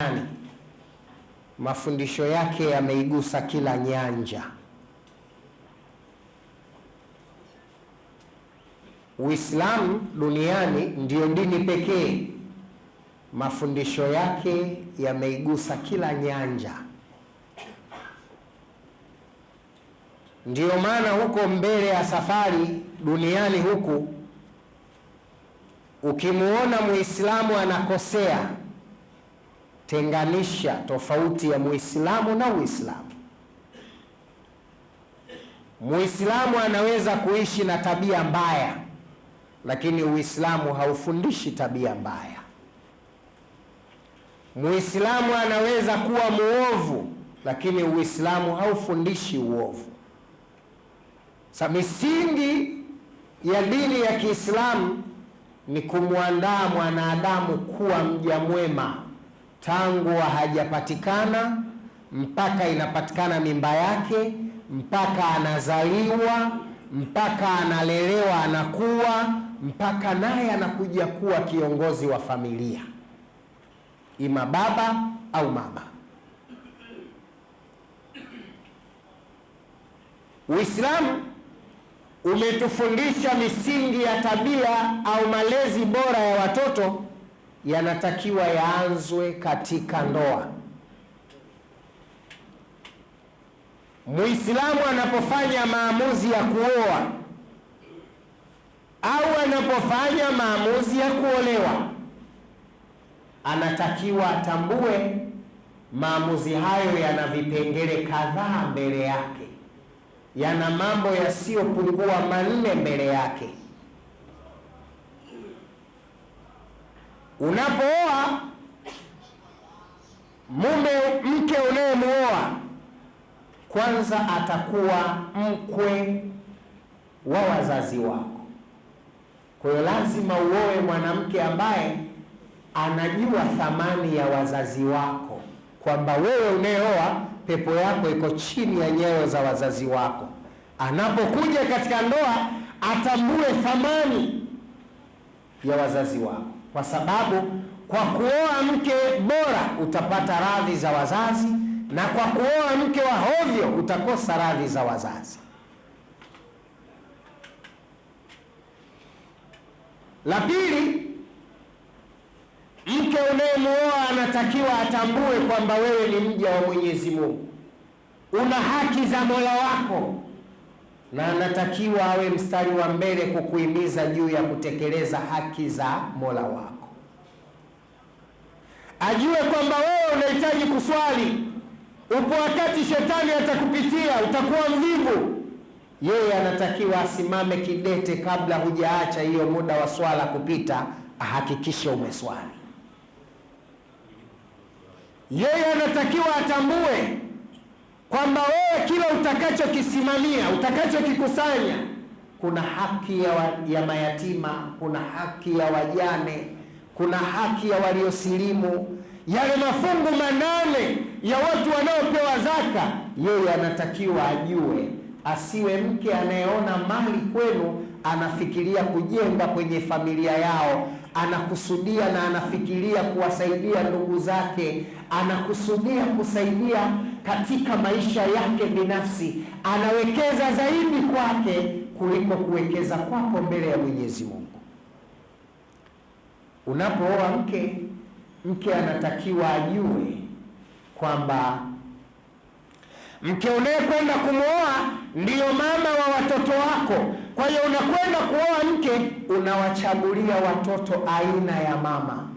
Nani. Mafundisho yake yameigusa kila nyanja. Uislamu duniani ndiyo dini pekee mafundisho yake yameigusa kila nyanja. Ndiyo maana huko mbele ya safari duniani huku, ukimuona Muislamu anakosea tenganisha tofauti ya Muislamu na Uislamu. Muislamu anaweza kuishi na tabia mbaya, lakini Uislamu haufundishi tabia mbaya. Muislamu anaweza kuwa muovu, lakini Uislamu haufundishi uovu. Sa misingi ya dini ya Kiislamu ni kumwandaa mwanadamu kuwa mja mwema tangu hajapatikana mpaka inapatikana mimba yake mpaka anazaliwa mpaka analelewa anakuwa mpaka naye anakuja kuwa kiongozi wa familia, ima baba au mama. Uislamu umetufundisha misingi ya tabia au malezi bora ya watoto yanatakiwa yaanzwe katika ndoa. Muislamu anapofanya maamuzi ya kuoa au anapofanya maamuzi ya kuolewa, anatakiwa atambue maamuzi hayo yana vipengele kadhaa mbele yake, yana mambo yasiyopungua manne mbele yake. Unapooa mume mke unayemuoa kwanza atakuwa mkwe wa wazazi wako. Kwa hiyo lazima uoe mwanamke ambaye anajua thamani ya wazazi wako, kwamba wewe unayeoa pepo yako iko chini ya nyayo za wazazi wako. Anapokuja katika ndoa atambue thamani ya wazazi wako kwa sababu kwa kuoa mke bora utapata radhi za wazazi, na kwa kuoa mke wa hovyo utakosa radhi za wazazi. La pili, mke unayemuoa anatakiwa atambue kwamba wewe ni mja wa Mwenyezi Mungu, una haki za Mola wako na anatakiwa awe mstari wa mbele kukuhimiza juu ya kutekeleza haki za Mola wako. Ajue kwamba wewe unahitaji kuswali. Upo wakati shetani atakupitia, utakuwa mvivu. Yeye anatakiwa asimame kidete, kabla hujaacha hiyo muda wa swala kupita, ahakikishe umeswali. Yeye anatakiwa atambue kwamba wewe kila utakachokisimamia, utakachokikusanya, kuna haki ya, wa, ya mayatima, kuna haki ya wajane, kuna haki ya waliosilimu. Yale mafungu manane ya watu wanaopewa zaka, yeye anatakiwa ajue, asiwe mke anayeona mali kwenu anafikiria kujenga kwenye familia yao, anakusudia na anafikiria kuwasaidia ndugu zake, anakusudia kusaidia katika maisha yake binafsi, anawekeza zaidi kwake kuliko kuwekeza kwako mbele ya Mwenyezi Mungu. Unapooa mke, mke anatakiwa ajue kwamba mke unayekwenda kumwoa ndiyo mama wa watoto wako. Kwa hiyo unakwenda kuoa mke, unawachagulia watoto aina ya mama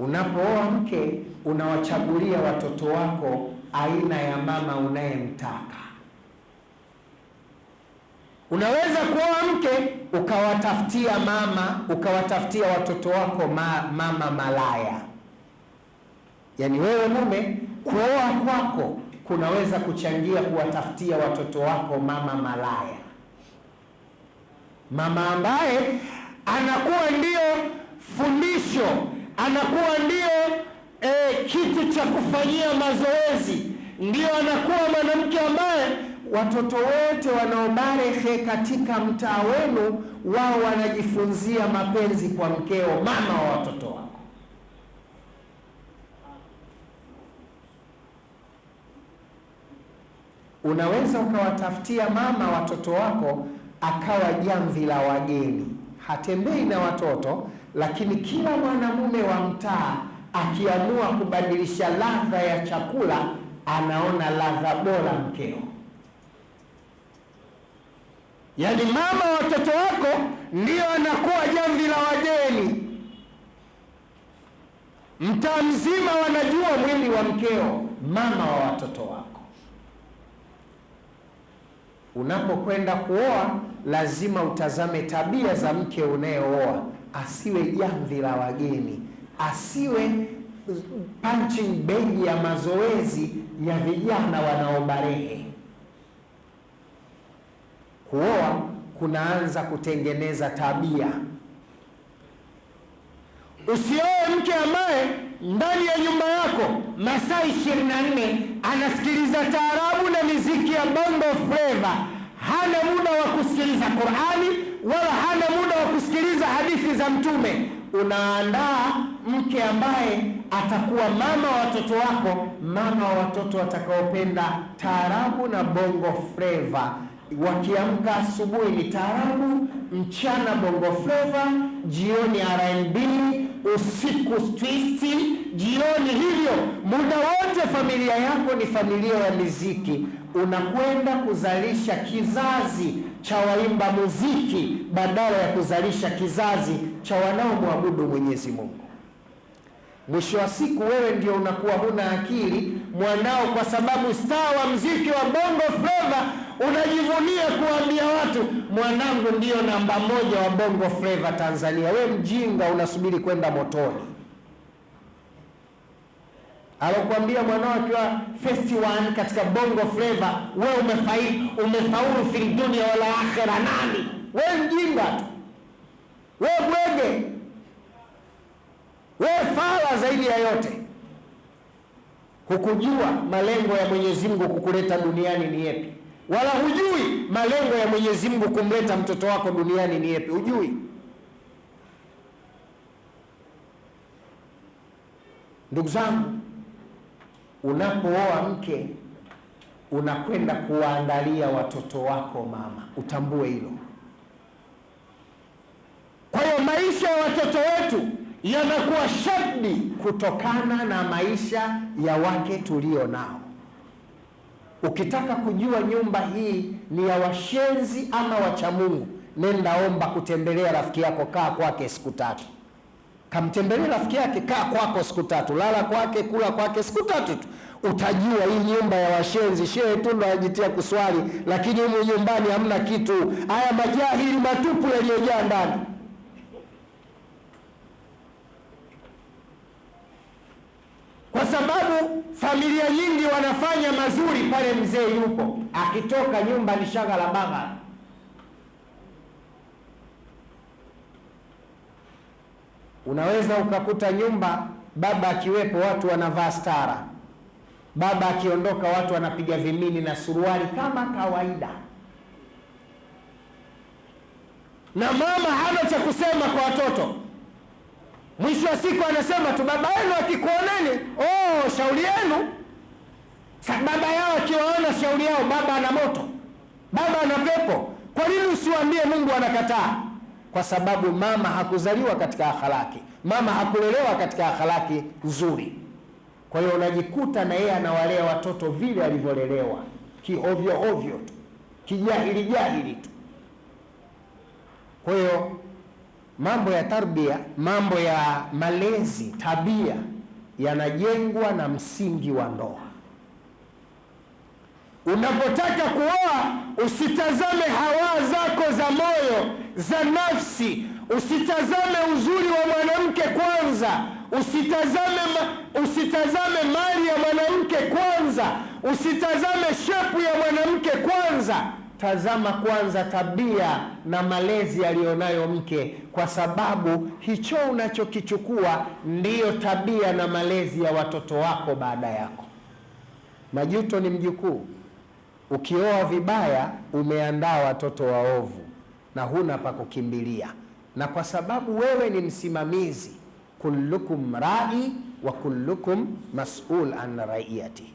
Unapooa mke unawachagulia watoto wako aina ya mama unayemtaka. Unaweza kuoa mke ukawatafutia mama ukawatafutia watoto wako ma, mama malaya. Yaani wewe mume kuoa kwako kunaweza kuchangia kuwatafutia watoto wako mama malaya, mama ambaye anakuwa ndiyo fundisho anakuwa ndio e, kitu cha kufanyia mazoezi, ndio anakuwa mwanamke ambaye watoto wote wanaobarehe katika mtaa wenu wao wanajifunzia mapenzi kwa mkeo, mama wa watoto wako. Unaweza ukawatafutia mama watoto wako akawa jamvi la wageni, hatembei na watoto lakini kila mwanamume wa mtaa akiamua kubadilisha ladha ya chakula anaona ladha bora mkeo. Yaani mama wa watoto wako ndio anakuwa jamvi la wageni, mtaa mzima wanajua mwili wa mkeo, mama wa watoto wako. Unapokwenda kuoa lazima utazame tabia za mke unayeoa asiwe jamvi la wageni, asiwe punching bag ya mazoezi ya vijana wanaobarehe. Kuoa kunaanza kutengeneza tabia. Usioe mke ambaye ndani ya nyumba yako masaa ishirini na nne anasikiliza taarabu na miziki ya bongo fleva, hana muda wa kusikiliza Qurani wala hana muda wa kusikiliza hadithi za Mtume, unaandaa mke ambaye atakuwa mama wa watoto wako, mama wa watoto watakaopenda taarabu na bongo freva Wakiamka asubuhi ni taarabu, mchana bongo freva jioni R&B, usiku twisti jioni. Hivyo muda wote familia yako ni familia ya muziki, unakwenda kuzalisha kizazi cha waimba muziki badala ya kuzalisha kizazi cha wanaomwabudu Mwenyezi Mungu. Mwisho wa siku wewe ndio unakuwa huna akili mwanao, kwa sababu staa wa mziki wa bongo fleva unajivunia kuambia watu mwanangu ndiyo namba moja wa bongo fleva Tanzania. We mjinga, unasubiri kwenda motoni alokuambia mwanao akiwa first one katika bongo flava, wewe umefaidi umefaulu fil dunia wala akhera. Nani wewe? Mjinga tu wewe, bwege wewe, fala zaidi ya yote. Hukujua malengo ya Mwenyezi Mungu kukuleta duniani ni yepi, wala hujui malengo ya Mwenyezi Mungu kumleta mtoto wako duniani ni yepi, hujui. Ndugu zangu unapooa mke unakwenda kuwaangalia watoto wako mama, utambue hilo. Kwa hiyo maisha ya watoto wetu yanakuwa shabdi kutokana na maisha ya wake tulio nao. Ukitaka kujua nyumba hii ni ya washenzi ama wachamungu, nenda omba kutembelea rafiki yako, kaa kwake siku tatu kamtembelee rafiki yake, kaa kwako siku tatu, lala kwake, kula kwake siku tatu tu, utajua hii nyumba ya washenzi. Shehe tu ndo anajitia kuswali, lakini humu nyumbani hamna kitu. Haya majahili matupu yaliyojaa ndani. Kwa sababu familia nyingi wanafanya mazuri pale mzee yupo, akitoka nyumba ni la baghala Unaweza ukakuta nyumba baba akiwepo watu wanavaa stara, baba akiondoka watu wanapiga vimini na suruali kama kawaida, na mama hana cha kusema kwa watoto. Mwisho wa siku anasema tu baba yenu akikuoneni, oh, shauri yenu. Baba yao akiwaona shauri yao, baba ana moto, baba ana pepo. Kwa nini usiwaambie? Mungu anakataa kwa sababu mama hakuzaliwa katika akhlaki, mama hakulelewa katika akhlaki nzuri. Kwa hiyo unajikuta na yeye anawalea watoto vile alivyolelewa, kiovyo ovyo tu, kijahili jahili tu. Kwa hiyo mambo ya tarbia, mambo ya malezi, tabia yanajengwa na msingi wa ndoa. Unapotaka kuoa usitazame hawa zako za moyo za nafsi, usitazame uzuri wa mwanamke kwanza, usitazame ma, usitazame mali ya mwanamke kwanza, usitazame shepu ya mwanamke kwanza. Tazama kwanza tabia na malezi aliyonayo mke, kwa sababu hicho unachokichukua ndiyo tabia na malezi ya watoto wako baada yako. Majuto ni mjukuu. Ukioa vibaya, umeandaa watoto waovu na huna pa kukimbilia. Na kwa sababu wewe ni msimamizi, kullukum rai wa kullukum masul an raiyati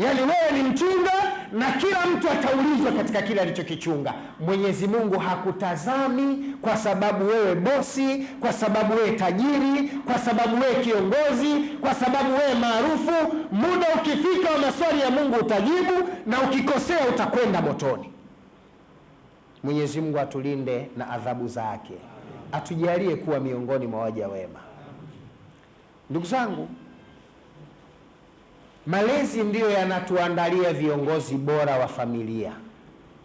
Yaani wewe ni mchunga na kila mtu ataulizwa katika kile alichokichunga. Mwenyezi Mungu hakutazami kwa sababu wewe bosi, kwa sababu wewe tajiri, kwa sababu wewe kiongozi, kwa sababu wewe maarufu. Muda ukifika wa maswali ya Mungu utajibu, na ukikosea utakwenda motoni. Mwenyezi Mungu atulinde na adhabu zake, atujalie kuwa miongoni mwa waja wema. Ndugu zangu Malezi ndiyo yanatuandalia viongozi bora wa familia.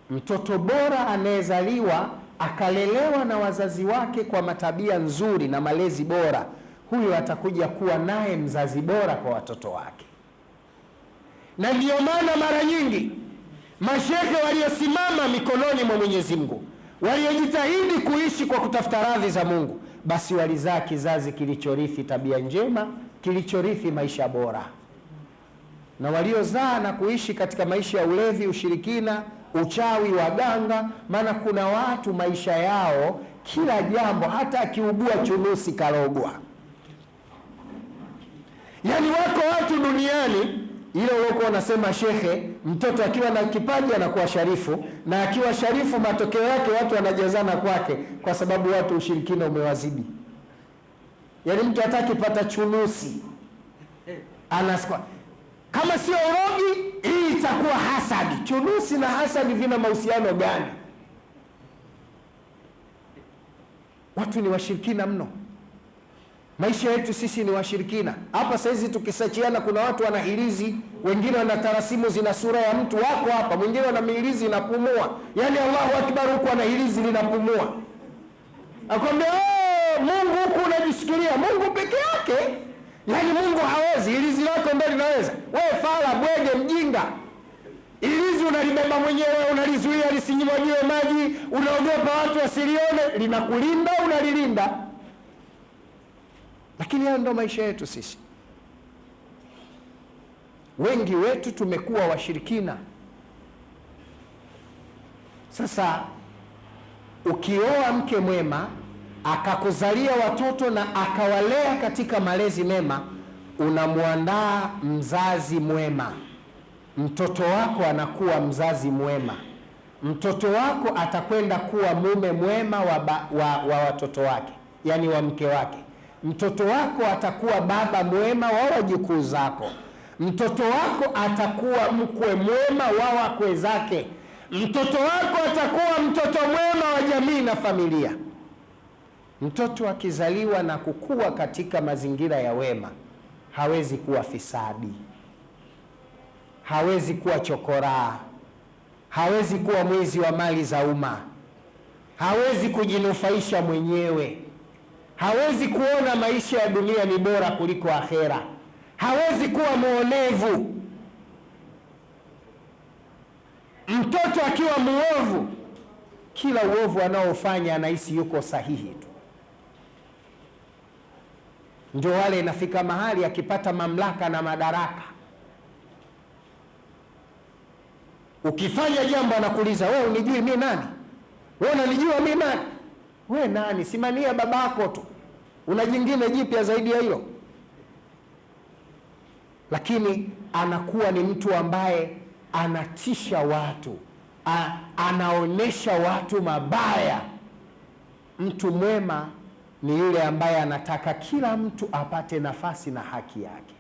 Mtoto bora anayezaliwa akalelewa na wazazi wake kwa matabia nzuri na malezi bora, huyo atakuja kuwa naye mzazi bora kwa watoto wake. Na ndiyo maana mara nyingi mashehe waliosimama mikononi mwa Mwenyezi Mungu, waliojitahidi kuishi kwa kutafuta radhi za Mungu, basi walizaa kizazi kilichorithi tabia njema, kilichorithi maisha bora na waliozaa na kuishi katika maisha ya ulevi, ushirikina, uchawi, waganga. Maana kuna watu maisha yao kila jambo, hata akiugua chunusi karogwa. Yaani wako watu duniani, ile uliokuwa unasema shekhe, mtoto akiwa na kipaji anakuwa sharifu, na akiwa sharifu matokeo yake watu wanajazana kwake, kwa sababu watu ushirikina umewazidi. Yaani mtu hata akipata chunusi eh. anaswa kama sio urogi, hii itakuwa hasadi. Chunusi na hasadi vina mahusiano gani? Watu ni washirikina mno, maisha yetu sisi ni washirikina. Hapa saizi tukisachiana, kuna watu wana hirizi, wengine wana tarasimu zina sura ya mtu wako hapa, mwingine wana mihirizi inapumua, yani Allahu akbar, huku ana hirizi linapumua, akwambia eh, Mungu huku unajisikiria Mungu peke yake Yaani Mungu hawezi, ilizi lako ndio linaweza. Wewe fala bwege mjinga, ilizi unalibeba mwenyewe, unalizuia lisinyimwagiwe maji, unaogopa watu wasilione, linakulinda unalilinda. Lakini hayo ndio maisha yetu sisi. Wengi wetu tumekuwa washirikina. Sasa ukioa mke mwema akakuzalia watoto na akawalea katika malezi mema, unamwandaa mzazi mwema. Mtoto wako anakuwa mzazi mwema, mtoto wako atakwenda kuwa mume mwema wa, ba, wa, wa watoto wake, yani wa mke wake. Mtoto wako atakuwa baba mwema wa wajukuu zako. Mtoto wako atakuwa mkwe mwema wa wakwe zake. Mtoto wako atakuwa mtoto mwema wa jamii na familia. Mtoto akizaliwa na kukua katika mazingira ya wema hawezi kuwa fisadi, hawezi kuwa chokoraa, hawezi kuwa mwizi wa mali za umma, hawezi kujinufaisha mwenyewe, hawezi kuona maisha ya dunia ni bora kuliko akhera, hawezi kuwa mwonevu. Mtoto akiwa mwovu, kila uovu anaofanya anahisi yuko sahihi tu ndio wale inafika mahali akipata mamlaka na madaraka, ukifanya jambo anakuuliza wewe, unijui mi nani? Wewe unanijua mi nani? we nani? baba babako tu, una jingine jipya zaidi ya hilo? Lakini anakuwa ni mtu ambaye anatisha watu, anaonyesha watu mabaya. Mtu mwema ni yule ambaye anataka kila mtu apate nafasi na haki yake.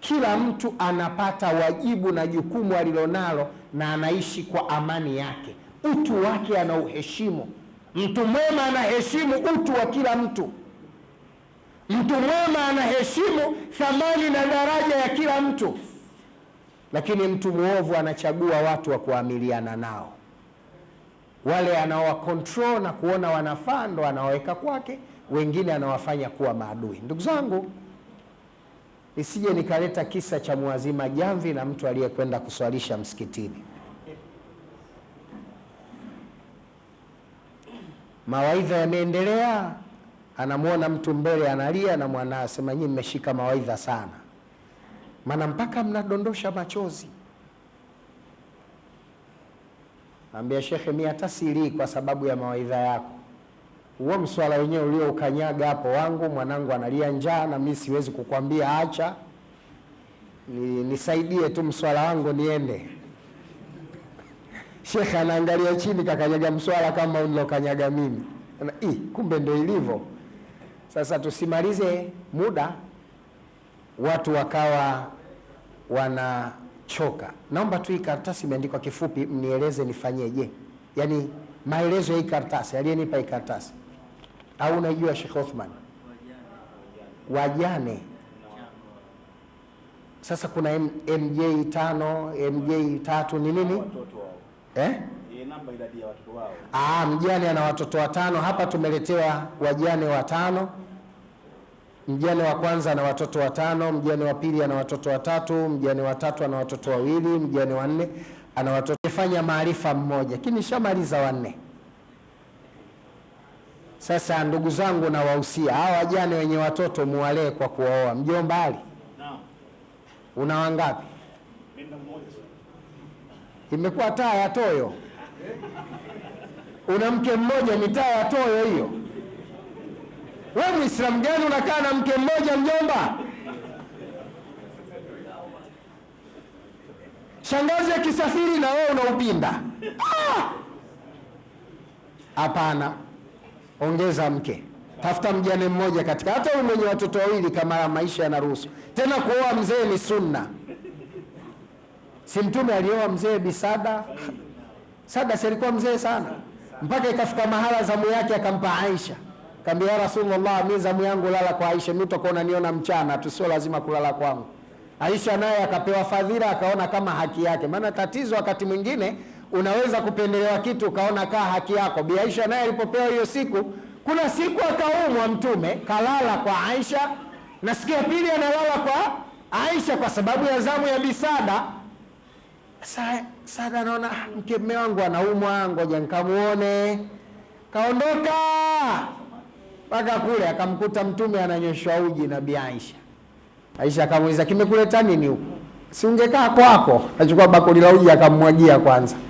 Kila mtu anapata wajibu na jukumu alilonalo, na anaishi kwa amani yake, utu wake anauheshimu. Mtu mwema anaheshimu utu wa kila mtu. Mtu mwema anaheshimu thamani na daraja ya kila mtu, lakini mtu mwovu anachagua watu wa kuamiliana nao. Wale anaowakontrol na kuona wanafaa ndo anawaweka kwake, wengine anawafanya kuwa maadui. Ndugu zangu, nisije nikaleta kisa cha mwazima jamvi na mtu aliyekwenda kuswalisha msikitini. Mawaidha yameendelea anamwona mtu mbele analia, na mwanasema nyinyi mmeshika mawaidha sana, maana mpaka mnadondosha machozi. Ambia shekhe, mi hata sili kwa sababu ya mawaidha yako. Huo mswala wenyewe ulioukanyaga hapo wangu, mwanangu analia njaa na mi siwezi kukwambia acha. Ni, nisaidie tu mswala wangu niende. Shekhe anaangalia chini kakanyaga mswala kama ulilokanyaga mimi. Na, i, kumbe ndo ilivyo. Sasa tusimalize muda watu wakawa wana choka. Naomba tu hii karatasi imeandikwa kifupi, mnieleze nifanyeje, yaani maelezo ya hii karatasi, aliyenipa hii karatasi. Au unajua Sheikh Othman, wajane sasa kuna MJ tano MJ tatu ni nini eh? Ah, mjane ana watoto watano, hapa tumeletewa wajane watano mjane wa kwanza ana watoto watano, mjane wa pili ana watoto watatu, mjane wa tatu ana watoto wawili, mjane wa nne ana watoto. Fanya maarifa mmoja, lakini shamaliza wanne. Sasa ndugu zangu, nawahusia hawa wajane wenye watoto muwalee kwa kuwaoa. Mjomba Ali, una wangapi? Imekuwa taa ya toyo, eh? una mke mmoja, ni taa ya toyo hiyo we Muislamu gani unakaa na mke mmoja mjomba? Shangazi akisafiri na wewe unaupinda? Ah! Hapana, ongeza mke, tafuta mjane mmoja katika, hata wewe mwenye watoto wawili kama maisha yanaruhusu. Tena kuoa mzee ni sunna, si Mtume alioa mzee Bisada? Sada si alikuwa mzee sana mpaka ikafika mahala zamu yake akampa Aisha. Kambia Rasulullah, mi zamu yangu lala kwa Aisha, mi utakuwa unaniona mchana tu, sio lazima kulala kwangu. Aisha naye akapewa fadhila, akaona kama haki yake. Maana tatizo wakati mwingine unaweza kupendelewa kitu ukaona kaa haki yako. Bi Aisha naye alipopewa hiyo siku, kuna siku akaumwa Mtume kalala kwa Aisha, na siku ya pili analala kwa Aisha kwa sababu ya zamu ya bisada Sa, Sada naona ah, mke mme wangu anaumwa, ngoja nikamuone. Kaondoka mpaka kule akamkuta Mtume ananyoshwa uji na Bi Aisha. Aisha akamuuliza kimekuleta nini huko? Si ungekaa kwako? Achukua bakuli la uji akamwagia kwanza.